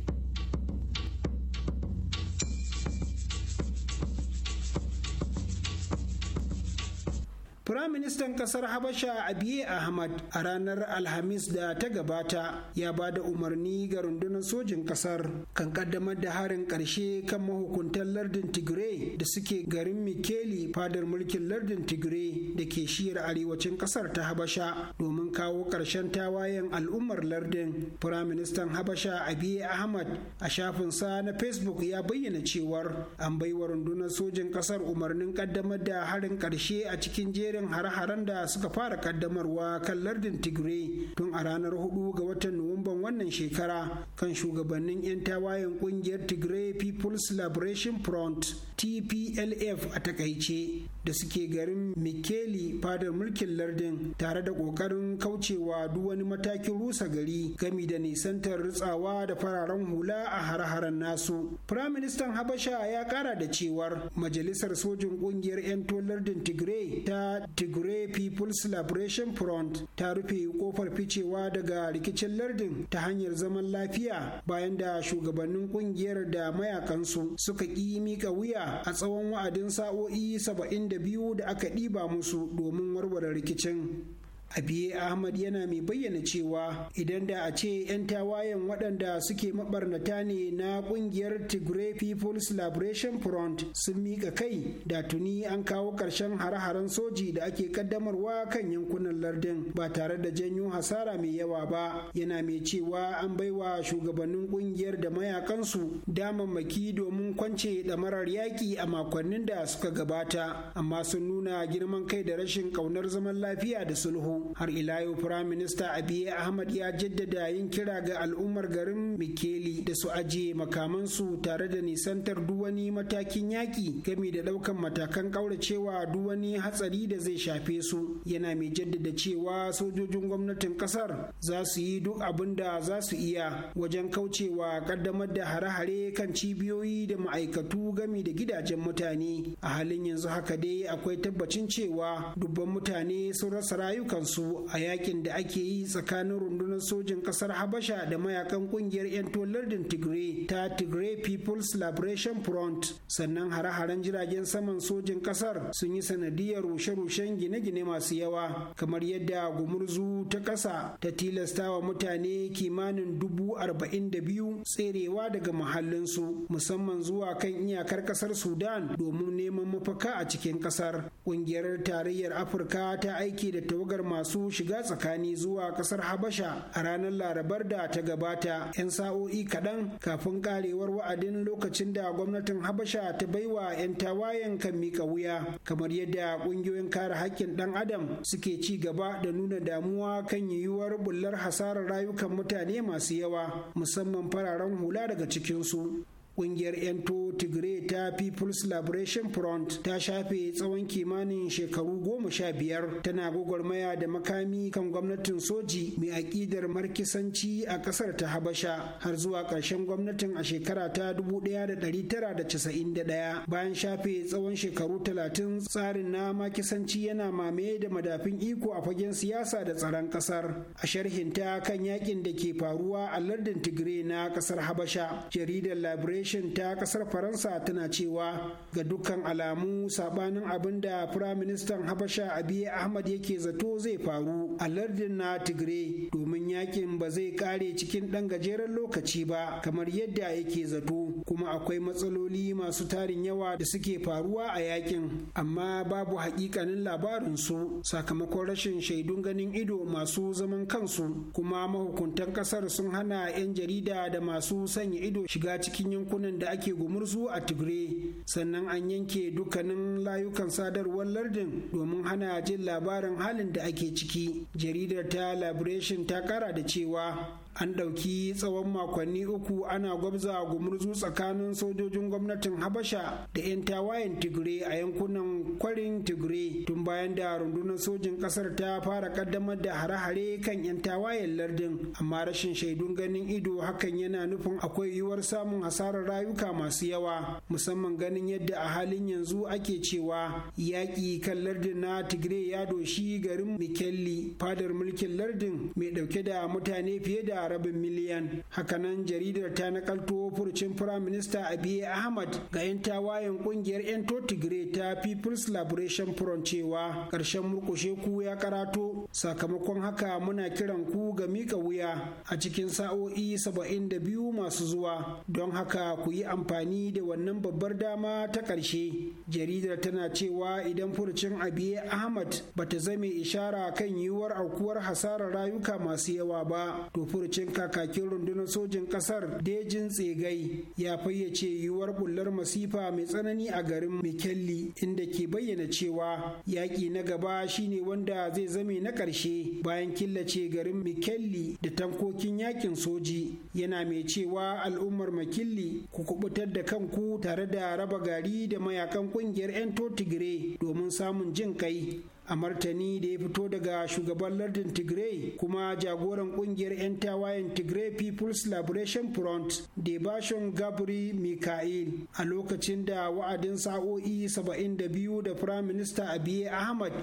Firaministan ƙasar Habasha Abiy Ahmad a ranar Alhamis da ta gabata ya ba da umarni ga rundunar sojin ƙasar kan ƙaddamar da harin ƙarshe kan mahukuntar lardin Tigray da suke garin Mikeli fadar mulkin lardin Tigray da ke shiyar arewacin ƙasar ta Habasha domin kawo ƙarshen tawayen al'ummar lardin. Firaministan Habasha Abiy Ahmad a shafin sa na Facebook ya bayyana cewar an baiwa rundunar sojin ƙasar umarnin ƙaddamar da harin ƙarshe a cikin jerin irin hare-haren da suka fara kaddamarwa kan lardin tigray tun a ranar hudu ga watan nuwamban wannan shekara kan shugabannin 'yan tawayen kungiyar tigray people's liberation front tplf a takaice da suke garin mikeli fadar mulkin lardin tare da kokarin kaucewa duk wani matakin rusa gari gami da nisantar ritsawa da fararen hula a hare-haren nasu firaministan habasha ya kara da cewar majalisar sojin kungiyar 'yan tolardin tigray ta tigray people's liberation front ta rufe kofar ficewa daga rikicin lardin ta hanyar zaman lafiya bayan da shugabannin kungiyar da mayakansu suka ƙi mika wuya a tsawon wa'adin sa'o'i 72 da aka ɗiba musu domin warware rikicin abiye ahmad yana mai bayyana cewa idan da a ce 'yan tawayen waɗanda suke mabarnata ne na ƙungiyar tigray people's liberation front sun miƙa kai da tuni an kawo ƙarshen hare-haren soji da ake ƙaddamarwa kan yankunan lardin ba tare da janyo hasara mai yawa ba yana mai cewa an baiwa shugabannin ƙungiyar da mayakansu damammaki domin kwance ɗamarar yaƙi a makonnin da suka gabata amma sun nuna girman kai da rashin ƙaunar zaman lafiya da sulhu har ila yau firayim minista abiy ahmad ya jaddada yin kira ga al'ummar garin mikeli da su ajiye makamansu tare da nisantar duwani matakin yaki. game da ɗaukan matakan ƙauracewa duk hatsari da zai shafe su yana mai jaddada cewa sojojin gwamnatin ƙasar za su yi duk abin da za su iya wajen kaucewa ƙaddamar da hare-hare kan cibiyoyi da ma'aikatu game da gidajen mutane a halin yanzu haka dai akwai tabbacin cewa dubban mutane sun rasa rayukan kansu a yakin da ake yi tsakanin rundunar sojin kasar habasha da mayakan kungiyar 'yan lardin tigray ta tigray people's liberation front sannan hare-haren jiragen saman sojin kasar sun yi sanadiyar rushe-rushen gine-gine masu yawa kamar yadda gumurzu ta kasa ta tilasta wa mutane kimanin dubu arba'in da biyu tserewa daga muhallinsu musamman zuwa kan iyakar kasar sudan domin neman mafaka a cikin kasar kungiyar tarayyar afirka ta aiki da tawagar masu shiga tsakani zuwa kasar habasha a ranar larabar da ta gabata 'yan sa'o'i kaɗan kafin karewar wa'adin lokacin da gwamnatin habasha ta baiwa 'yan tawayen kan mika wuya kamar yadda ƙungiyoyin kare haƙƙin ɗan adam suke ci gaba da nuna damuwa kan yiwuwar bullar hasarar rayukan mutane masu yawa musamman fararen hula daga cikinsu Ƙungiyar 'yanto Tigray ta People's Liberation Front ta shafe tsawon kimanin shekaru goma sha biyar tana gwagwarmaya da makami kan gwamnatin soji mai aƙidar markisanci a ƙasar ta Habasha har zuwa ƙarshen gwamnatin a shekara ta 1991 bayan shafe tsawon shekaru talatin tsarin na makisanci yana mamaye da madafin iko a fagen siyasa da tsaron ƙasar a sharhinta kan yakin da ke faruwa a lardin Tigray na ƙasar Habasha jaridar Liberation federation ta kasar faransa tana cewa ga dukkan alamu sabanin abin da firaministan habasha abiy ahmad yake zato zai faru a lardin na tigray domin yakin ba zai kare cikin dan gajeren lokaci ba kamar yadda yake zato kuma akwai matsaloli masu tarin yawa da suke faruwa a yakin amma babu hakikanin labarin su sakamakon rashin shaidun ganin ido masu zaman kansu kuma mahukuntan kasar sun hana 'yan jarida da masu sanya ido shiga cikin yankunan yankunan da ake gumurzu a tigre sannan an yanke dukkanin layukan sadarwar lardin domin hana jin labarin halin da ake ciki jaridar ta liberation ta kara da cewa an ɗauki tsawon makonni uku ana gwabza gumurzu tsakanin sojojin gwamnatin habasha da 'yan tawayen tigre a yankunan kwarin tigre tun bayan da rundunar sojin ƙasar ta fara ƙaddamar da hare-hare kan 'yan tawayen lardin amma rashin shaidun ganin ido hakan yana nufin akwai yiwuwar samun hasarar rayuka masu yawa musamman ganin yadda a halin yanzu ake cewa yaƙi kan lardin na tigre ya doshi garin mikelli fadar mulkin lardin mai ɗauke da mutane fiye da rabin miliyan hakanan jaridar ta nakalto Firayim firaminista abiy ahmad ga 'yan tawayen kungiyar 'yan totigre ta people's liberation front cewa ƙarshen murkushe ku ya karato sakamakon haka muna kiran ku ga mika wuya a cikin sa'o'i saba'in da biyu masu zuwa don haka ku yi amfani da wannan babbar dama ta ƙarshe jaridar tana cewa idan furucin Abiy ahmad bata zame ishara kan yiwuwar aukuwar hasarar rayuka masu yawa ba to furucin kakakin rundunar sojin kasar dejin tsegai ya fayyace yiwuwar bullar masifa mai tsanani a garin mikelli inda ke bayyana cewa yaƙi na gaba shine wanda zai zame na ƙarshe bayan killace garin mikelli da tankokin yakin soji yana mai cewa al'ummar makilli ku kubutar da kanku tare da raba gari da mayakan ƙungiyar 'yan tigire domin samun jin kai a martani da ya fito daga shugaban lardin tigray kuma jagoran kungiyar 'yan tawayen tigray people's liberation front debashon gabri mikail a lokacin da wa'adin sa'o'i 72 da firaminista Abiy ahmad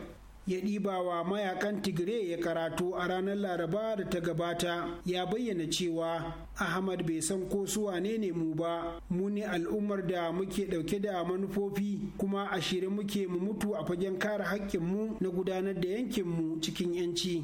ya ɗibawa mayakan tigre ya karatu a ranar laraba da ta gabata ya bayyana cewa ahmad bai san ko su wane ne mu ba mu ne al'ummar da muke ɗauke da manufofi kuma a shirin muke mu mutu a fagen kare haƙƙinmu na gudanar da yankinmu cikin 'yanci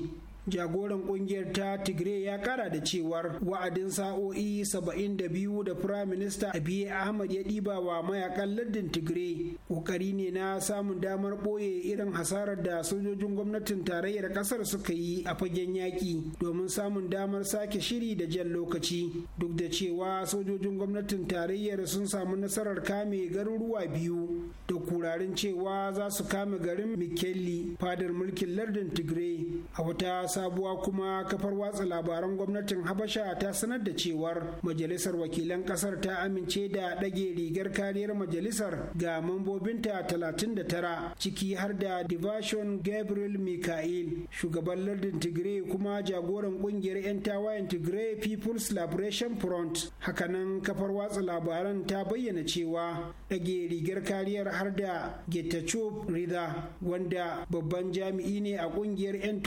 jagoran kungiyar ta tigray ya kara da cewar wa'adin sa'o'i 72 da firayim minista abiy ahmad ya ɗiba wa mayakan lardin tigray kokari ne na samun damar ɓoye irin hasarar da sojojin gwamnatin tarayyar ƙasar suka yi a fagen yaƙi domin samun damar sake shiri da jan lokaci duk da cewa sojojin gwamnatin tarayyar sun samu nasarar kame garuruwa biyu da kurarin cewa za su kame garin mikeli fadar mulkin lardin tigray a wata sabuwa kuma kafar watsa labaran gwamnatin habasha ta sanar da cewar majalisar wakilan kasar ta amince da ɗage rigar kariyar majalisar ga mambobinta 39 ciki har da divashon gabriel mikail shugaban lardin tigray kuma jagoran kungiyar 'yan tawayen tigray people's liberation front hakanan kafar watsa labaran ta bayyana cewa ɗage rigar kariyar har da Getachup rida wanda babban jami'i ne a kungiyar 'yan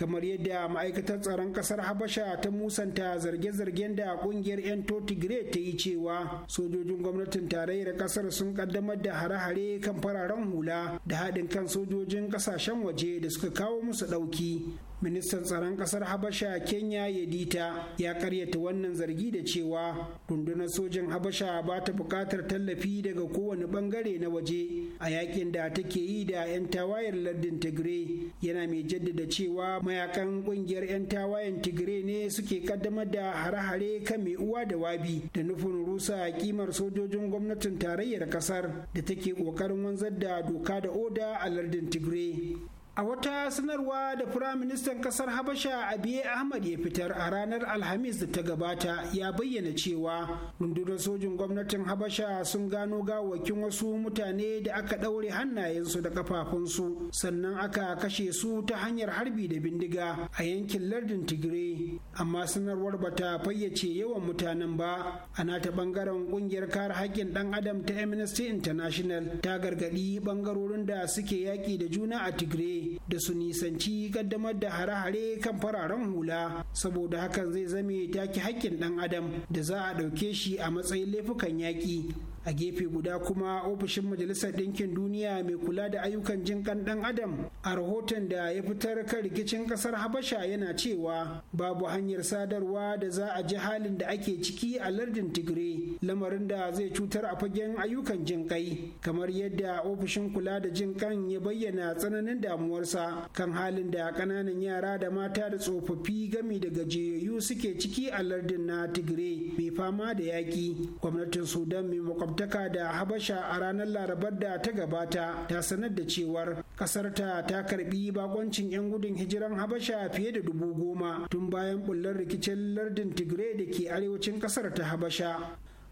kamar yadda ma'aikatar tsaron kasar habasha ta musanta zarge-zargen da kungiyar 'yan totigre ta yi cewa sojojin gwamnatin tarayyar kasar sun kaddamar da hare-hare kan fararen hula da haɗin kan sojojin ƙasashen waje da suka kawo musu ɗauki ministan tsaron kasar habasha kenya Yadita, ya karyata wannan zargi da cewa rundunar sojan habasha ba ta buƙatar tallafi daga kowane bangare na waje a yakin da take yi da 'yan tawayen lardin tigray yana mai jaddada cewa mayakan kungiyar 'yan tawayen tigray ne suke kaddamar da hare-hare kan mai uwa da wabi da nufin rusa kimar sojojin gwamnatin tarayyar kasar da take ƙoƙarin wanzar da doka da oda a lardin tigray A wata sanarwa da Firaministan ƙasar Habasha Abiye Ahmad ya fitar a ranar Alhamis da ta gabata ya bayyana cewa rundunar sojin gwamnatin Habasha sun gano gawakin wasu mutane da aka ɗaure hannayensu da kafafunsu sannan aka kashe su ta hanyar harbi da bindiga a yankin lardin Tigray. Amma sanarwar bata fayyace yawan mutanen ba. A nata ɓangaren ƙungiyar kare haƙƙin ɗan adam ta Amnesty International ta gargaɗi ɓangarorin da suke yaƙi da juna a Tigray da su nisanci kaddamar da hare-hare kan fararen hula saboda hakan zai zame take hakkin ɗan adam da za a ɗauke shi a matsayin laifukan yaƙi a gefe guda kuma ofishin majalisar ɗinkin duniya mai kula da ayyukan jin ƙan ɗan adam a rahoton da ya fitar kan rikicin ƙasar habasha yana cewa babu hanyar sadarwa da za a ji halin da ake ciki a lardin tigre lamarin da zai cutar a fagen ayyukan jin ƙai kamar yadda ofishin kula da jin ƙan ya bayyana tsananin damuwarsa kan halin da ƙananan yara da mata da tsofaffi gami da gajiyayyu suke ciki a lardin na tigre mai fama da yaƙi gwamnatin sudan mai makwabtaka da habasha a ranar larabar da ta gabata ta sanar da cewar kasar ta ta karbi bakoncin 'yan gudun hijiran habasha fiye da dubu goma tun bayan bullar rikicin lardin tigray da ke arewacin kasar ta habasha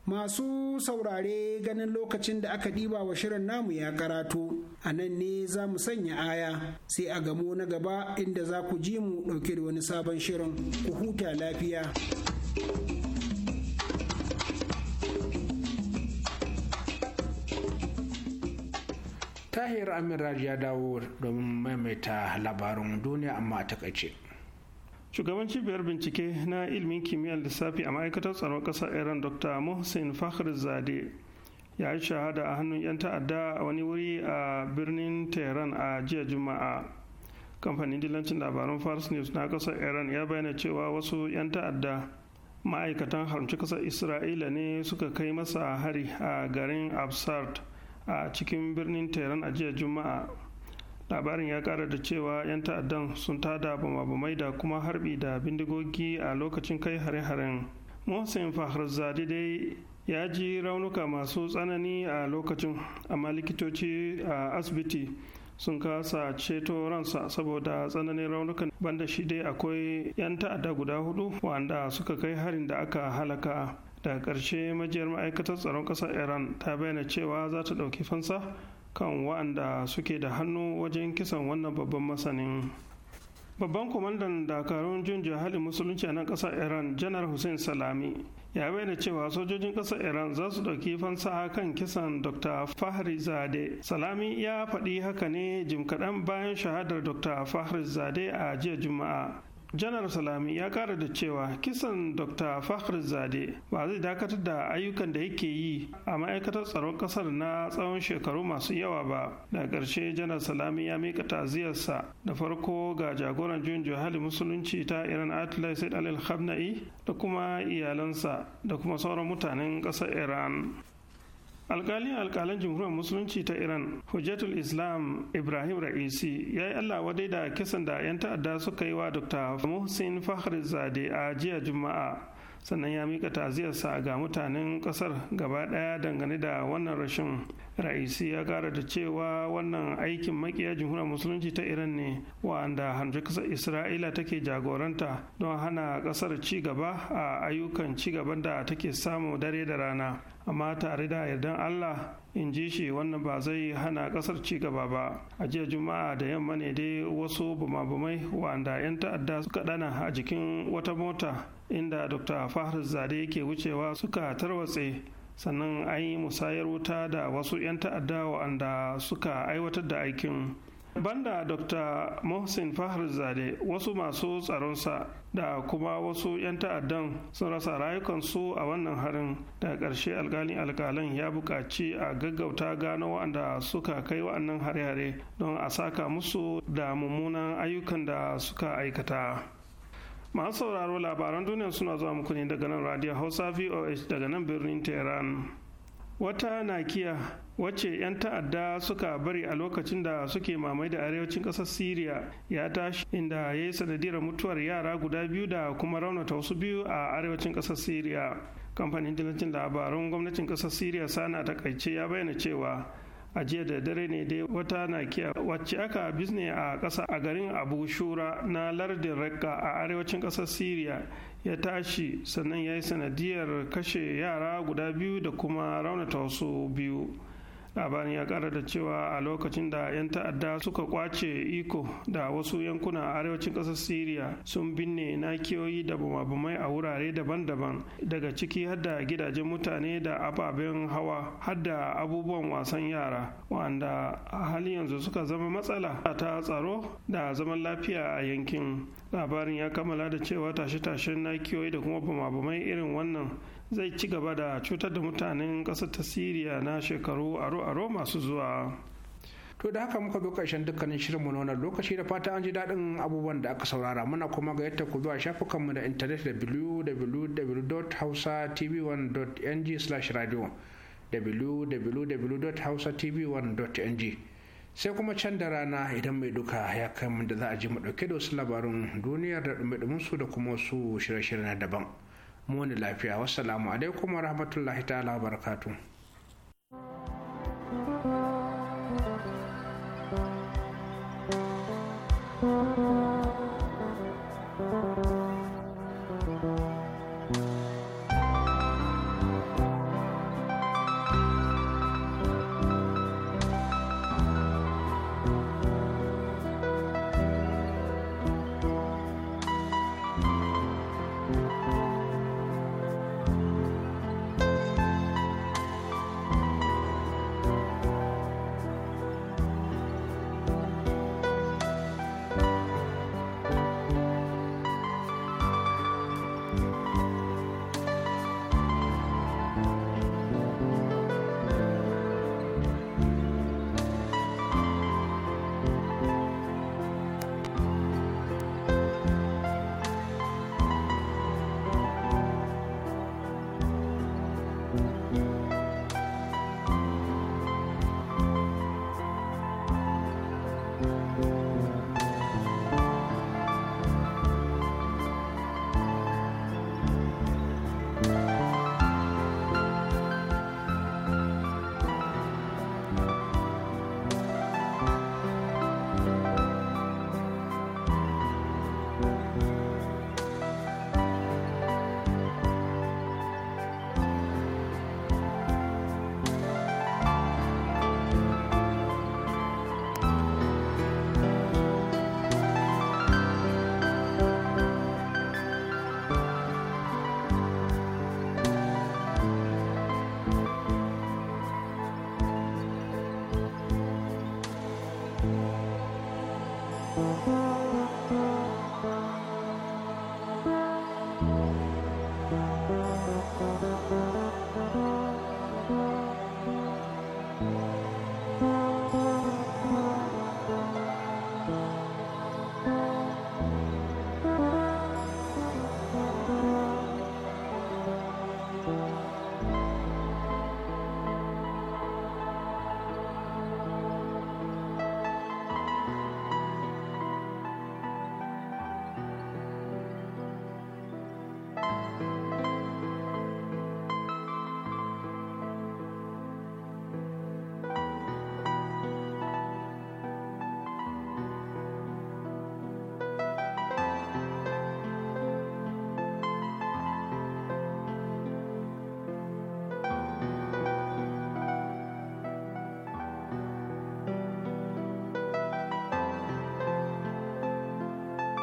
masu saurare ganin lokacin da aka ɗiba wa shirin namu ya karatu a nan ne za mu sanya aya sai a gamo na gaba inda za ku ji mu ɗauke da wani sabon shirin ku huta lafiya. tahir amiraj ya dawo domin maimaita labarun duniya amma a takaice shugaban cibiyar bincike na ilimin kimiyyar lissafi a ma'aikatar tsaron ƙasar iran dr mohsin zade ya yi shahada a hannun 'yan ta'adda a wani wuri a birnin tehran a jiya juma'a kamfanin dilancin labaran fars news na kasar iran ya bayyana cewa wasu 'yan ta'adda ma'aikatan haramci kasar isra'ila ne suka kai masa hari a garin absard a cikin birnin tehran a jiya juma'a labarin ya kara da cewa 'yan ta'addan sun tada bama-bamai da kuma harbi da bindigogi a lokacin kai hare-haren mohsen faharzade dai ya ji raunuka masu tsanani a lokacin amma likitoci a asibiti sun kasa ceto ransa saboda tsananin raunukan banda shi dai akwai 'yan ta'adda guda hudu wanda suka kai harin da aka halaka daga ƙarshe majiyar ma'aikatar tsaron ƙasar iran ta bayyana cewa za ta ɗauki fansa kan wa'anda suke da hannu wajen kisan wannan babban masanin babban kwamandan dakarun jin halin musulunci a nan ƙasar iran janar hussein salami ya bayyana cewa sojojin ƙasar iran za su ɗauki fansa kan kisan dr fahri zade salami ya faɗi haka ne jim kaɗan bayan shahadar dr fahri zade a jiya juma'a janar salami ya kara da cewa kisan dr fakhr zade ba zai dakatar da ayyukan da yake yi a ma'aikatar tsaron kasar na tsawon shekaru masu yawa ba da ƙarshe janar salami ya mika taziyarsa da farko ga jagoran juyin jihali musulunci ta iran atlai said al da kuma iyalansa da kuma sauran mutanen ƙasar iran alkalin alkalan jamhuriyar musulunci ta iran hujjatul islam ibrahim ra'isi ya yi allah wadai da kisan da 'yan ta'adda suka yi wa dr muhsin fahrizade a jiya juma'a sannan ya mika ta'aziyarsa ga mutanen kasar gaba daya dangane da wannan rashin ra'isi ya kara da cewa wannan aikin makiya jamhuriyar musulunci ta iran ne wa'anda hamshe kasar isra'ila take jagoranta don hana kasar ci gaba a ayyukan ci gaban da take samu dare da rana amma tare da yardan allah in ji shi wannan ba zai hana kasar ci gaba ba a jiya juma'a da yamma ne dai wasu bumabumai wa'anda 'yan ta'adda suka dana a jikin wata mota inda dr fahar zade ke wucewa suka tarwatse sannan an yi musayar wuta da wasu 'yan ta'adda wa'anda suka aiwatar da aikin banda dr mohsin fahar zade wasu masu tsaronsa da kuma wasu 'yan ta'addan sun rasa rayukansu a wannan harin da ƙarshe alkalin alkalan ya buƙaci a gaggauta gano waɗanda suka kai wa'annan hare-hare don a saka musu da mummunan ayyukan da suka aikata. masu sauraro labaran duniya suna zuwa muku ne daga nan radio hausa voh daga nan birnin tehran wata nakiya wacce 'yan ta'adda suka bari a lokacin da suke mamai da arewacin ƙasar Siriya ya tashi inda ya yi sanadiyar mutuwar yara guda biyu da kuma raunata wasu biyu a arewacin ƙasar syria kamfanin dillancin labarun gwamnatin ƙasar syria sana takaice ya bayyana cewa a jiya da dare ne dai wata na nakiya wacce aka bisne a ƙasa a garin abu shura na lardin rakka a arewacin ƙasar syria ya tashi sannan ya yi sanadiyar kashe yara guda biyu da kuma raunata wasu biyu labarin ya kara da cewa a lokacin da 'yan ta'adda suka kwace iko da wasu yankuna a arewacin ƙasar syria sun binne nakiyoyi da bumabumai a wurare daban-daban daga ciki har da gidajen mutane da ababen hawa har da abubuwan wasan yara wanda a hali yanzu suka zama matsala ta tsaro da zaman lafiya a yankin labarin ya kammala da cewa tashe-tashen nakiyoyi da kuma bumabumai irin wannan zai ci gaba da cutar da mutanen ƙasar ta siriya na shekaru aro-aro masu zuwa to da haka muka zo ƙarshen dukkanin shirinmu na lokaci da fata an ji daɗin abubuwan da aka saurara muna kuma ga yadda ku zuwa shafukanmu da intanet www.hausatv1.ng/radio www.hausatv1.ng sai kuma can da rana idan mai duka ya kai da za a ji mu dauke da wasu labarun duniyar da dumi su da kuma wasu shirye-shirye na daban. mu wani lafiya wassalamu alaikum wa rahmatullahi ta'ala barakatu